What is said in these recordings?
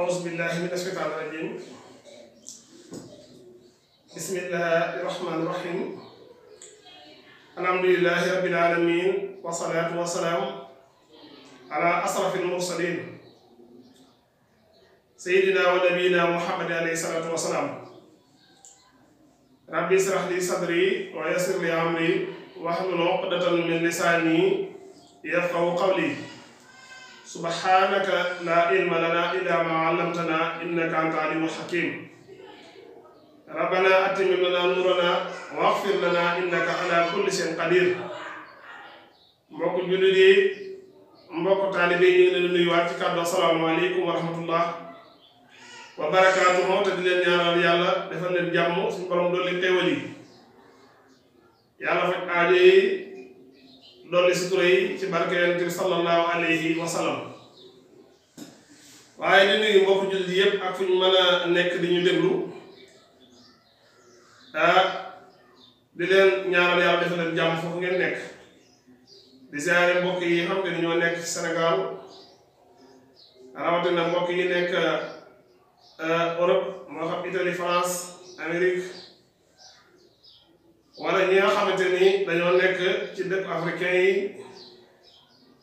أعوذ بالله من الشيطان الرجيم بسم الله الرحمن الرحيم الحمد لله رب العالمين والصلاة والسلام على أشرف المرسلين سيدنا ونبينا محمد عليه الصلاة والسلام ربي اشرح لي صدري ويسر لي أمري واحلل عقدة من لساني يفقه قولي subhanaka la ilma lana illa ma allamtana innaka anta alimu hakim rabbana atimim lana nurana waghfir lana innaka ala kulli shay'in qadir jullit yi mbokk taalibe yi ñu ngi leen nuyu assalaamu aleykum wa wa barakaatuhu te di leen ñaanal yàlla defal leen jàmm suñu borom dolli xéewal yi yàlla faj aajo yi dolli sutura yi ci barke yonent bi sallallahu alayhi wa sallam waaye di nuyu mbokk jullit yépp ak fu ñu a nekk di ñu déglu ah, di leen ñaanal yàlla defal leen jàmm foofu ngeen nekk di ziare mbokk yi xam ne ñoo nekk Sénégal rawatina mbokk yi nekk ah, Europe moo xam Italie France Amérique wala ñi nga xamante ni dañoo nekk ci dëkk africain yi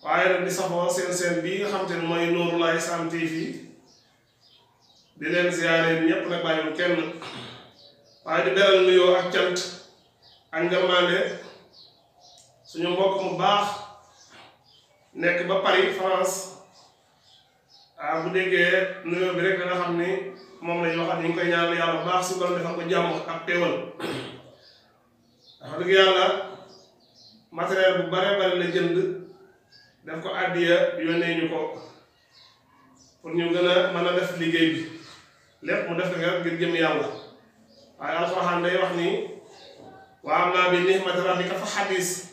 waaye nag di safoo seen seen bii nga ni mooy Nouroullahi Sam TV di leen ziyaare ñépp nag bàyyiwul kenn waaye di beral nuyoo ak cant ak ngërmaande suñu mbokk mu baax nekk ba Paris France ah bu déggee nuyoo bi rek da xam ni moom lañu waxaat ñu koy ñaanal yàlla baax si borom defal ko jàmm ak teewal ndax dëgg yàlla matériel bu baree bare la jënd def ko àddiya yónnee ñu ko pour ñu gën a mën a def liggéey bi lépp mu def rek ngir jëm yàlla waaye alxuraan day wax nii wa ammaa bi nihmati rabbika fa xadis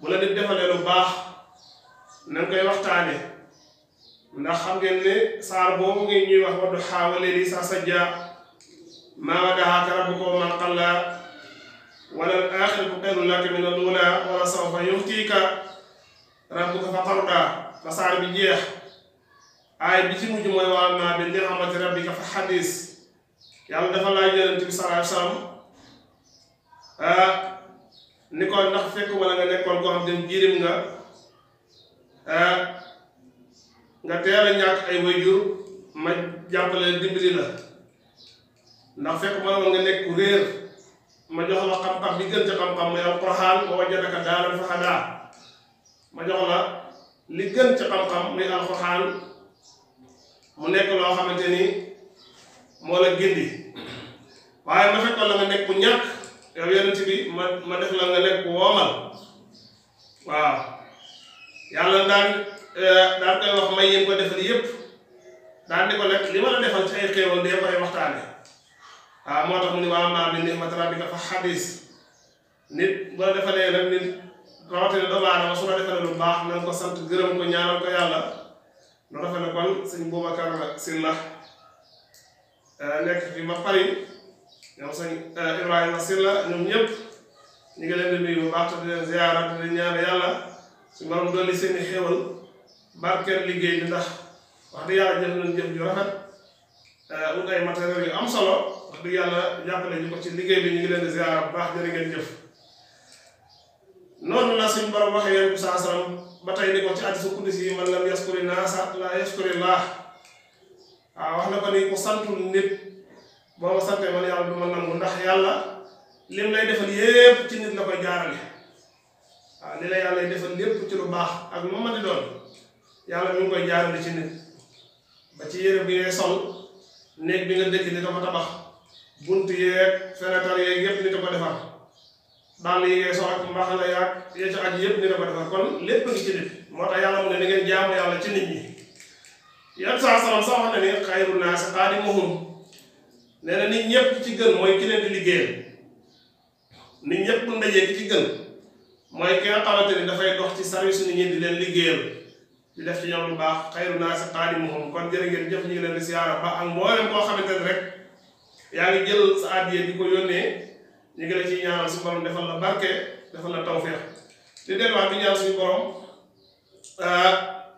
bu la nit defalee lu baax na koy waxtaane ndax xam ngeen ne saar boobu ngi ñuy wax wadduhaa wa layli izaa sajjaa maa waddaaka rabbuka wa maa qallaa wala al-aaxiratu xayrun laka mina al-uulaa wala sawfa yu'tiika rabbuka fatardaa ba saar bi jeex aay bi ci mujj mooy wa ammaa bi ni'mati rabbika fa xadiis yàlla dafa laaj yonent bi sallallaahu alayhi wa sallam ah ni ko ndax fekk wala nga nekkoon koo xam ah, ay waajur ma jàppale dimbali la ndax fekk wala nga nekk réer. ma jox la xam-xam bi gën ca xam-xam muy qur'an wa wajadaka daalan fa hada ma jox la li gën ci xam-xam muy al qur'an mu nekk lo xamanteni mo la gindi waye ma fekkoon la nga nekk bu ñak yow yonent bi ma def la nga nekk womal woomal waaw yàlla daan eh, daan koy wax may yeen ko defal yépp daan di ko lekk li ma la defal ci ay xéewal ko ay waxtaane waaw ah, moo tax mu ne waa maa bi ni'mati rabbika fa xadis nit boo defalee la defalee lu baax na nga yàlla ne kon eh, eh, liggéey bi ndax wax dëgg eh, ay matériel yu am solo. wax yàlla jàppale ñu ko ci liggéey bi ñu ngi leen di ziar bu baax jërë ngeen jëf noonu la suñu borom waxee yéen saa salaam ba tey ni ko ci hadiisu qudsi yi man lam yaskuri naasa laa yaskuri laah waaw wax na ko ni ku santul nit boo ma santee man yàlla du ma nangu ndax yàlla lim lay defal yépp ci nit la yàlla defal lépp lu baax ak lu ma di doon yàlla mi koy jaarale ci nit ba ci yére bi ngay sol néeg bi nga dëkk ni dafa tabax bunt yeeg fenetar yeeg yëpp nit a ko defar dàll yi ngay sol ak mbaxana yaag ya ca aj yëpp nit a ko defar kon lépp ngi ci nit moo tax yàlla mu ne ni ngeen ci ñëpp ci gën mooy ki leen di liggéeyal nit ñëpp ndajee ki ci gën mooy ki nga ni dafay dox ci service nit ñi di leen liggéeyal di def ci ñoom lu baax xayru naas xaadimuhum kon jërë ngeen jëf ñu ngi leen siyaara ba ak mboolem koo xamante ni rek yaa ngi jël sa addiya di ko yónnee ñu ngi la ciy ñaanal suñu borom defal la barke defal la tawféex di delluwaat di ñaan suñu borom ah,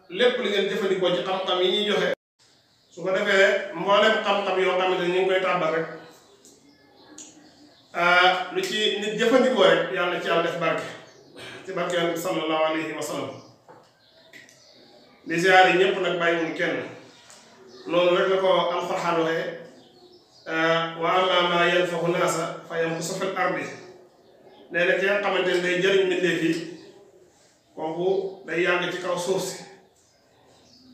lépp li ngeen jëfandikoo ci xam-xam yi ñuy joxe. su ko defee mboolem xam-xam yoo xamante ni ñu ngi koy tàmbal rek ah, lu ci nit jëfandikoo rek yàlla ci yàlla def barke ci barke yàlla bi alayhi wa sallam di ziare ñëpp nag bàyyi wuñ kenn loolu rek la ko alxuraan waxee. Euh, wa amma maa yanfaxu naasa fa yanqusu fil ardi nee na ki nga xamante ne day jëriñ mbindeef yi kooku day yàgg ci kaw suuf si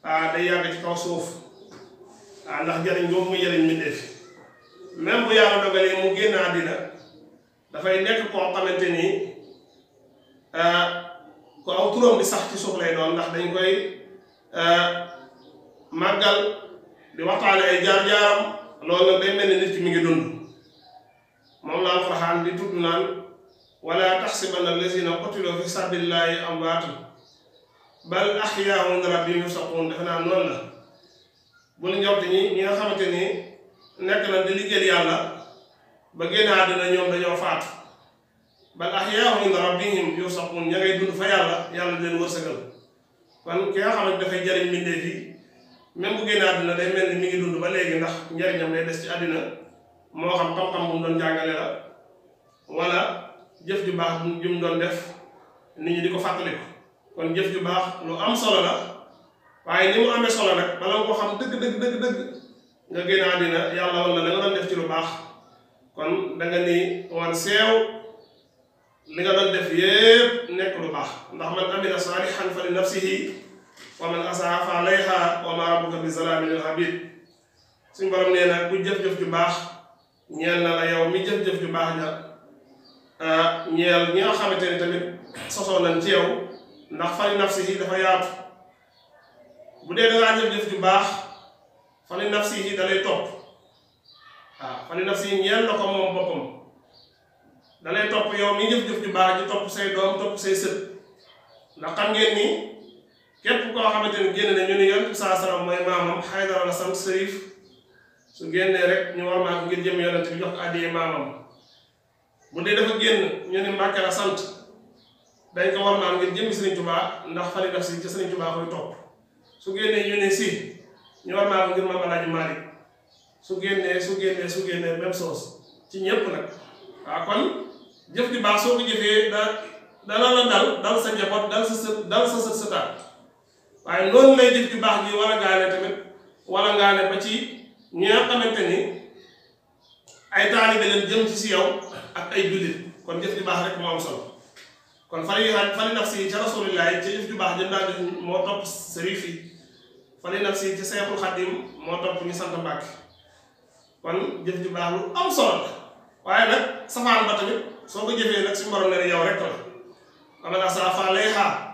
ah day yàgg ci kaw suuf ah ndax jëriñ boobu muy jëriñ mbindeef yi même bu yàlla mu génn àddina dafay nekk koo xamante ni ah, ku aw turam di sax ci suuf lay doon ndax dañ koy ah, màggal di waxtaane ay jaar-jaaram. loolu nag day mel ne nit ki mi ngi dund moom la alxuraan di tudd naan wala taxsibanna allazina qutilu fi sabilillahi amwaatan bal axyaahum inda rabbihim yurzaquun defe naa noonu la bul njort ñi nga xamante ni nekk na di liggéeyal yàlla ba génn àddina ñoom dañoo faatu bal axyaahum inda rabbihim yurzaquun ña ngay dund fa yàlla yàlla di leen wërsëgal kon ki nga xamante dafay jëriñ mbindeef yi même bu génne àdduna day melni mi ngi dund ba légui ndax njariñam lay dess ci àddina mo xam xam-xam bu doon jàngale la wala jëf ju baax ju mu doon def nit ñi di ko fàttaliku kon jëf ju baax lu am solo la waaye ni mu amee solo nag bala nga ko xam dëgg dëgg dëgg dëgg nga génne àddina yàlla wala la nga doon def ci lu baax kon da nga ni war seew li nga doon def yépp nekk lu baax ndax man amina saalihan fa li nafsihi wa man asaa fa alayha wa ma rabbuka bi zalaamin lil abid nee na ku jëf-jëf ju baax ñeel na la yow mi jëf-jëf ju baax ja ah, ñeel ñi nga xamante ni ci yow ndax fali nafsihi dafa yaatu bu dee dangaa baax fali nafsihi dalay topp waaw ah, fali nafsihi ñeel na ko moom boppam dalay topp yow mi jëf-jëf ju baax ji topp say doom topp say sët ndax xam ngeen képp koo xamante ni génn ne ñu ne yonent bi saa mooy maamam Xaydara la sant Sërif su génnee rek ñu war maa ko ngir jëm yonent bi jox la sant dañ ko war maa ngir jëm Sëriñ Tuubaa ndax fali daf si ci Sëriñ Tuubaa koy topp su génnee ñu ne si ñu war maa ko ngir Maam Alaaji su génnee su génnee su génnee même chose ci ñépp nag waaw kon jëf di baax soo ko jëfee dana la dal dal sa njaboot dal sa së dal sa së sëtaat waaye noonu lay jëf ci baax gi wala ngaane tamit wala ngaane ba ci ñi nga xamante ni ay taalibe leen jëm ci si yow ak ay jullit kon jëf ju baax rek moo am solo kon fali fali naf si ca rasulillahi yi fali naf si ca seexul xadim moo topp ñu sant Mbàkke kon jëf ju baax lu am solo la waaye nag safaan ba tamit soo ko jëfee nag suñu borom ne yow rek la ama naa saa faa lay xaar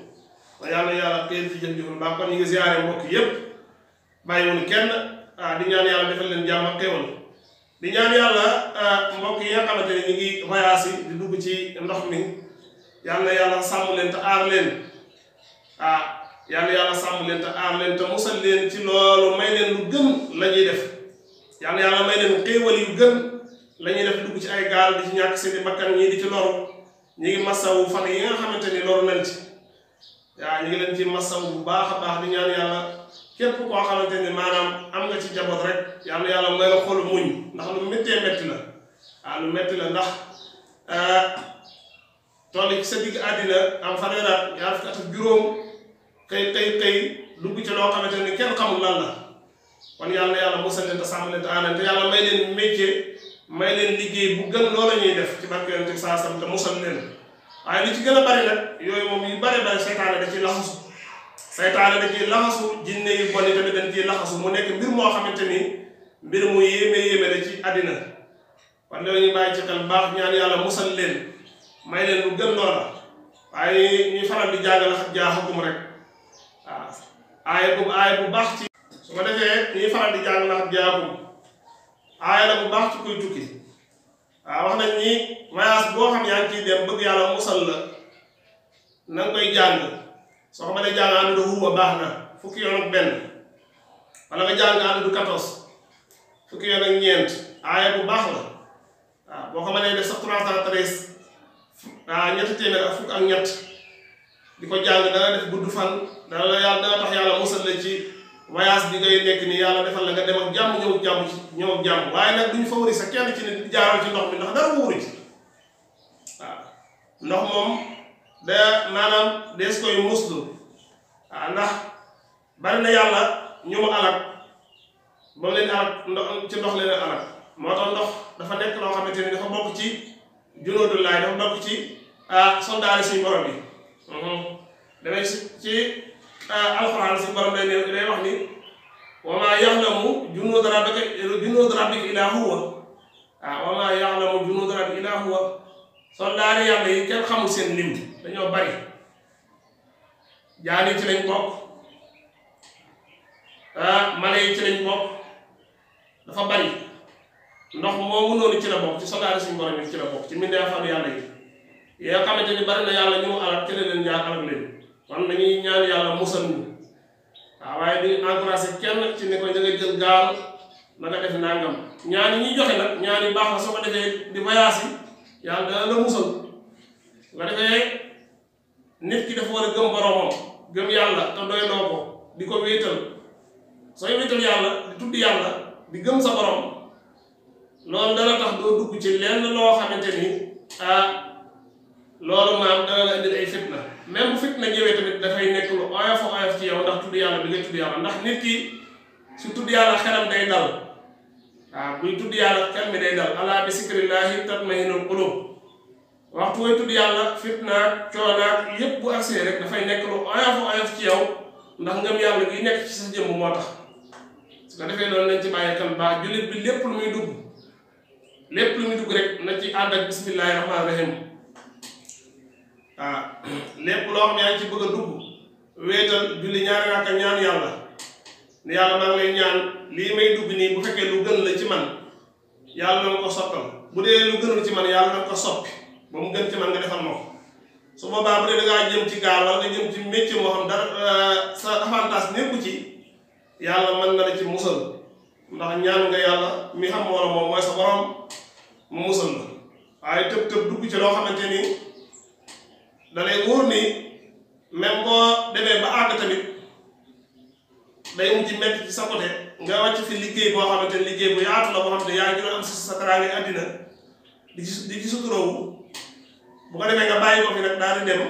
yàlla yàlla teel ci jëm jëfal baax kon ken? ngi ziare mbokk yépp bàyyiwul kenn ah, di ñaan yàlla defal leen jàmm ak xéewal di ñaan yàlla ah, mbokk yi nga xamante ne ngi voyage di dugg ci ndox mi yàlla yàlla sàmm leen te aar leen ah yàlla yàlla sàmm leen te aar leen te musal leen ci loolu may leen lu gën la ñuy def yàlla yàlla may leen xéewal yu gën la def dugg ci ay gaal di ci ñàkk seeni bakkan ñii di ci loru ñu ngi masawu fan yi nga xamante ni nañ ci waaw ñu ngi leen ci masaw bu baax a baax di ñaan yàlla képp koo xamante ni maanaam am nga ci jaboot rek yàlla yàlla may la xolu muñ ndax lu méttee métti la waaw lu métti la ndax euh, toll ci sa digg àddina am fanweer at ñaar fukki at ak juróom xëy xëy xëy ci loo xamante ni kenn xamul lan la kon yàlla yàlla musal leen te sàmm leen te aana yàlla may leen métier may leen liggéey bu gën loola ñuy def ci barke yonent saa sam te musal leen waaye li ci gën a bari nag yooyu moom yu bari bari seytaane da ciy laxasu seytaane da ciy laxasu jinne yu bon yi tamit dañ ciy laxasu mu nekk mbir moo xamante ni mbir mu yéeme yéeme la ci àddina kon loolu ñu bàyyi yàlla musal leen may leen lu gën loola waaye ñuy faral di jàngal xam jaaxagum rek waaw aaya bu aaya bu baax ci su ko defee ñuy faral di jàngal xam jaaxagum aaya la bu baax ci kuy tukki wax nañ ni voyage boo xam yaa ngi ciy dem bëgg yàlla musal la na nga koy jàng soo xam ne jàng ànd du huwa baax na fukki yoon ak benn wala nga jàng ànd anu du katos fukki yoon ak ñeent aaya bu baax la waaw ah, boo xam ne def sax 313 waaw ah, ñetti téeméer ak fukk ak ñett di ko jàng dana def gudd fan dana la yàlla dana tax yàlla musal la ci voyage bi ngay nekk ni yàlla defal la nga dem ak jàmm ñëw ak jàmm ci ñëw ak jàmm waaye nag duñu favori sa kenn ci ne jaaral ci ndox mi ndax dara wóoru ci waaw ndox moom da maanaam ci ndox leen alal moo tax ndox dafa nekk loo xamante ni dafa bokk ci junóodullaay dafa bokk ci ah soldaari suñu borom yi mhm. damay ci Euh, alxuraan si borom day ne day wax ni wa maa yaxlamu junuuda rabbika junuuda rabbika illaa huwa ah wa maa yaxlamu junuuda rabbika illaa huwa soldaari yàlla yi kenn xamul seen lim dañoo bari jaan ci lañ bokk ah mala yi ci lañ bokk dafa bari ndox moomu noonu ci la bokk ci soldaari suñu borom yi ci la bokk ci mbindeefalu yàlla yi yoo xamante ni bari na yàlla ñu mu alal ci leen ñaar alal leen kon dañuy ñaan yalla musal ñu waaw waaye di encouragé kenn ci ne ko da nga jël gaal na nga def nangam ñaan yi joxe nag ñaan yi baax la soo ko defee di voyage yi yàlla dana la musal nga defee nit ki dafa war a gëm boromam gëm yàlla te doy noo ko di ko wéetal sooy wéetal yàlla di tudd yàlla di gëm sa borom loolu dana tax doo dugg ci lenn loo xamante ni ah loolu maam dana la indil ay fitna même bu fitna ñëwee tamit dafay nekk lu oyof oyof ci yow ndax tudd yàlla bi nga tudd yàlla ndax nit ki su tudd yàlla xelam day dal waaw buy tudd yàlla xel mi day dal ala bi sikrillahi tatmahinul qulub waxtu way tudd yàlla fitna coonaak yépp bu agsee rek dafay nekk lu oyof oyof ci yow ndax ngëm yàlla gi nekk ci sa jëmm moo tax su ko defee loolu nañ ci bàyyi baax jullit bi lépp lu muy dugg lépp lu muy dugg rek na ci ànd ak Ah, lepp lo xam yaa ci bëgg a dugg wéetal julli ñaari raaka ñaan yàlla ne yàlla maa ngi lay ñaan lii may dugg nii bu fekkee lu gën la ci man yàlla na ko soppal bu dee lu gënul ci man yàlla na ko soppi ba mu gën ci man nga defal ma ko su boobaa bu dee da ngaa jëm ci gaal wala nga jëm ci métier moo xam dara ah, sa avantage nekku ci yàlla mën na la ci musal ndax ñaan nga yàlla mi xam moo la moom mooy sa borom mu musal la waaye tëb tëb dugg ci loo xamante ni da lay wóor ni même bo démé ba ag tamit day ci metti ci sa côté nga wacc fi liggéey bo xamante liggéey bu yaatu la bo xam ne yaa ngi am sa taraange adina di ci di ci suturoowu bu ko démé nga bàyyi ko fi nak daal di dem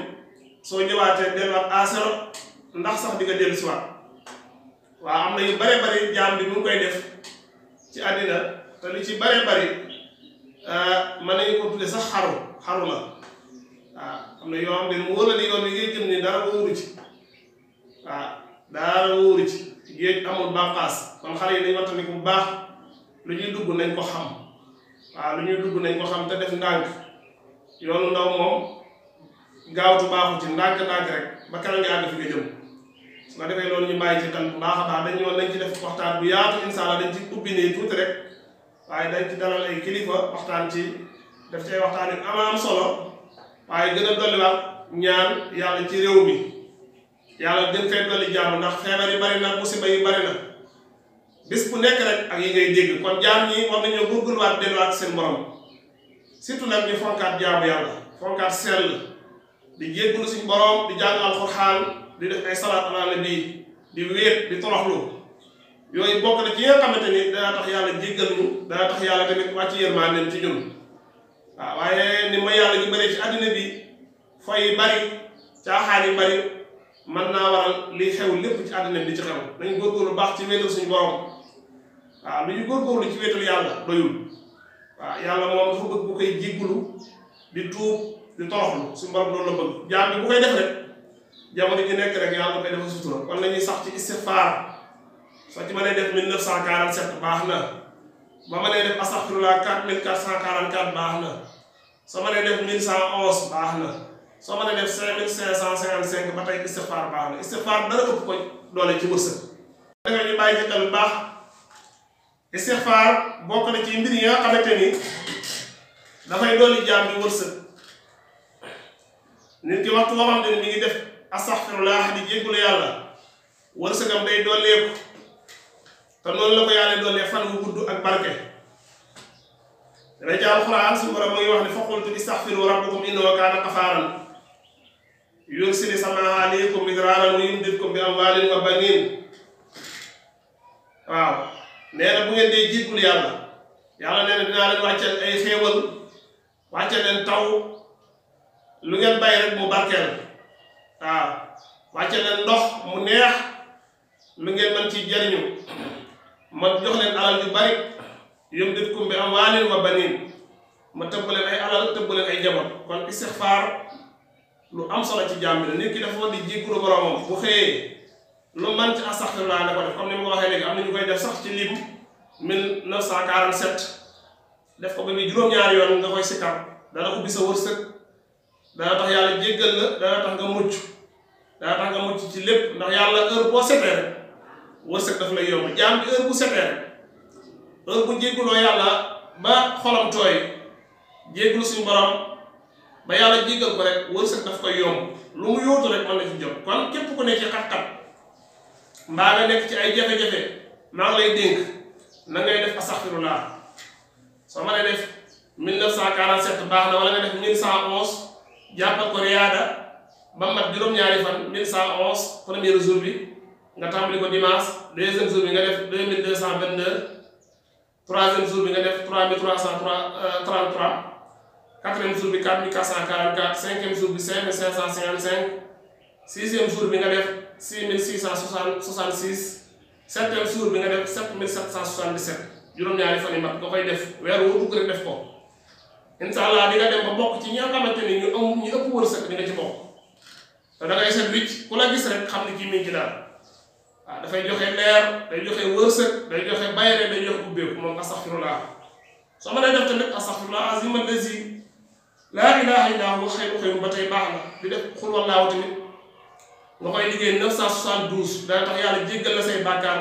so ñëwaaté dem à asero ndax sax di nga dellu si waat wa am na yu bari bari jaam bi mu ngi koy def ci adina te li ci bari bari euh man nañu ko tudde sax xaru xaru la xam ne yoo xam ne mu wóor la ni yoon wi ngay jëm ni dara wóoru ci ah, dara wóoru ci géej amul bànqaas kon xale yi nañ wattandiku bu baax lu ñuy dugg nañ ko ah, lu ñuy dugg nañ ko xam te def ci ndànk-ndànk rek ba keroog nga àgg fi nga jëm su ko defee loolu bu baax a baax dañ woon nañ ci def waxtaan bu yaatu incha allah dañ ci ubbi nii tuuti rek waaye dañ ci dalal ay kilifa waxtaan ci def ci ay waxtaan am solo waaye gën a dolliwaat ñaan yàlla ci réew mi yàlla gën fee dolli jàmm ndax feebar yi bari na musiba yi bari na bis bu nekk rek ak yi ngay dégg kon jaam ñi war nañoo góorgóorluwaat delluwaat seen borom surtout nag ñu fonkaat jaamu yàlla fonkaat sell di jéggalu suñ borom di jàng alxuraan di def ay salaat ala nabi di wéet di toroxlu yooyu bokk na ci nga xamante ni dana tax yàlla jéggal ñu dana tax yàlla tamit wàcc yërmaandeem ci ñun waaw waaye ni ma yàlla gi bëree ci àddina bi foy yi bari caaxaan yi bari mën naa waral liy xew lépp ci àddina bi di ci xew nañ góorgóorlu baax ci wéetal suñu borom waaw lu ñu góorgóorlu ci wéetal yàlla doyul waaw yàlla moom dafa bëgg bu koy jéggulu di tuub di toroxlu suñu borom loolu la bëgg jaam bi bu koy def rek jamono ji nekk rek yàlla koy defal sutura kon nañuy sax ci istighfar soo ci mënee def 1947 baax na ba ma nee def astaxfirullah 4444 baax na soo ma nee def 1111 baax na soo ma nee def 5555 ba tey istixfaar baax na istixfaar dara ëpp ko doole ci wërsëg. danga ñu bàyyi ci xel ma baax istixfaar bokk na ci mbir yi nga xamante ni dafay dooli jaam bi wërsëg nit ki waxtu boo xam ne mi ngi def astaxfirullah di jéggulu yàlla wërsëgam day dooleeku. te noonu la ko yàlla doole fan wu gudd ak barke dana ci alxuraan suñu borom muy wax ne fa qultu istaxfiru rabbakum innahu kaana xafaaran yursili samaa aleykum midraaran wa yumdidkum bi amwaalin wa baniin waaw nee na bu ngeen dee jiitul yàlla yàlla nee na dinaa leen wàcceel ay xéewal wàcceel leen taw lu ngeen bay rek mu barkeel waaw wàcceel leen ndox mu neex lu ngeen mën ci jariñu man jox leen alal yu bari yom def kum bi am waalin wa baniin ma tëbb leen ay alal tëbb leen ay jabar kon istixfaar lu am solo ci jàmm bi la nit ki dafa war di jéggulu boromam bu xëyee lu man ci astaxfirullaa na ko def comme ni ma léegi am na ñu koy def sax ci lim 1947 def ko ba ni juróom-ñaari yoon nga koy sikkar dana ubbi sa wërsëg dana tax yàlla jéggal la dana tax nga mucc dana tax nga mucc ci lépp ndax yàlla heure boo setee wërsëg daf lay yomb jaam bi heure bu setee rek heure bu jégguloo yàlla ba xolam tooy jéggul suñu borom ba yàlla jéggal ko rek wërsëg daf koy yomb lu mu yóotu rek mën ci jot kon képp ku nekk ci xat-xat mbaa nga nekk ci ay jafe-jafe maa ngi lay dénk na ngay def astaxfirullah soo mënee def 1947 baax na wala nga def 1111 jàppal ko riyaada ba mat juróom-ñaari fan 1111 premier jour bi nga tàmbali ko dimanche deuxième jour bi nga def deux mille deux cent vingt deux troisième jour bi nga def trois mille trois cent trente trois euh, quatrième jour bi quatre mille quatre cent quarante quatre cinquième jour bi cent bi nga def six mille six cent soixante bi nga def sept mille sept cent juróom-ñaari fan yi mat nga koy def weer woo dugg rek def ko incha allah dem ba bokk ci ñi xamante ni ñu am ñu ëpp wërsëg di nga ci bokk te da ngay wicc ku la gis rek xam ni kii mi ci daal. waaw ah, dafay joxe leer day joxe wërsëg day joxe bayre day joxe ubbeeku moom astaxfirullah soo mënee def tamit astaxfirullah azim allazi laa ilaha illa huwa xayru xayru ba tey baax na di def xul wallaahu tamit nga koy liggéey 972 dana tax yàlla jéggal la say bàkkaar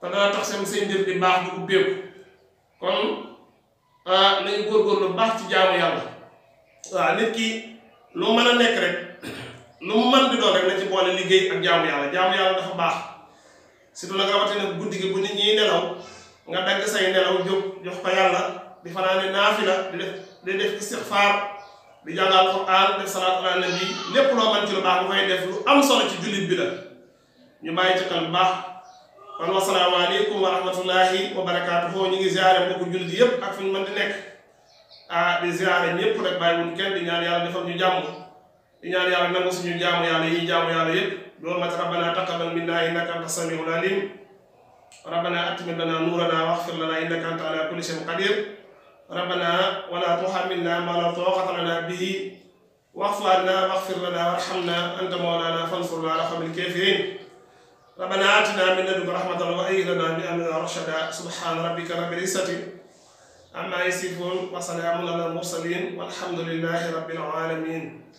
te dana tax seen say njëf di baax di ubbeeku kon ah, nañu góorgóorlu baax ci jaamu yàlla waaw nit ki lu mën a nekk rek lu mu di doon rek na ci boole liggéey ak surtout nag rawatina guddi gi bu nit ñiy nelaw nga dagg say nelaw jóg jox ko yàlla di fanaane naafila di def di def istixfaar di jàng alxuraan def salaatu nabi lépp loo mën ci lu baax nga def lu am solo ci jullit bi la ñu bàyyi ci xel bu baax kon wasalaamaaleykum wa rahmatullahi wa barakaatuhu ñu ngi ziare mbokku jullit yépp ak fu ñu mën di nekk ah di ziare ñépp rek bàyyiwul kenn di ñaan yàlla defal ñu jàmm di ñaan yàlla nangu suñu jaamu yàlla yi jaamu yàlla yépp لولا ربنا تقبل منا إنك أنت السميع العليم ربنا اتم لنا نورنا واغفر لنا إنك أنت على كل شيء قدير ربنا ولا تحملنا ما لا طاقة لنا به واعف عنا واغفر لنا وارحمنا أنت مولانا فانصرنا على قوم الكافرين ربنا آتنا من لدنك رحمة وهيئ لنا من أمرنا رشدا سبحان ربك رب العزة عما يصفون وسلام على المرسلين والحمد لله رب العالمين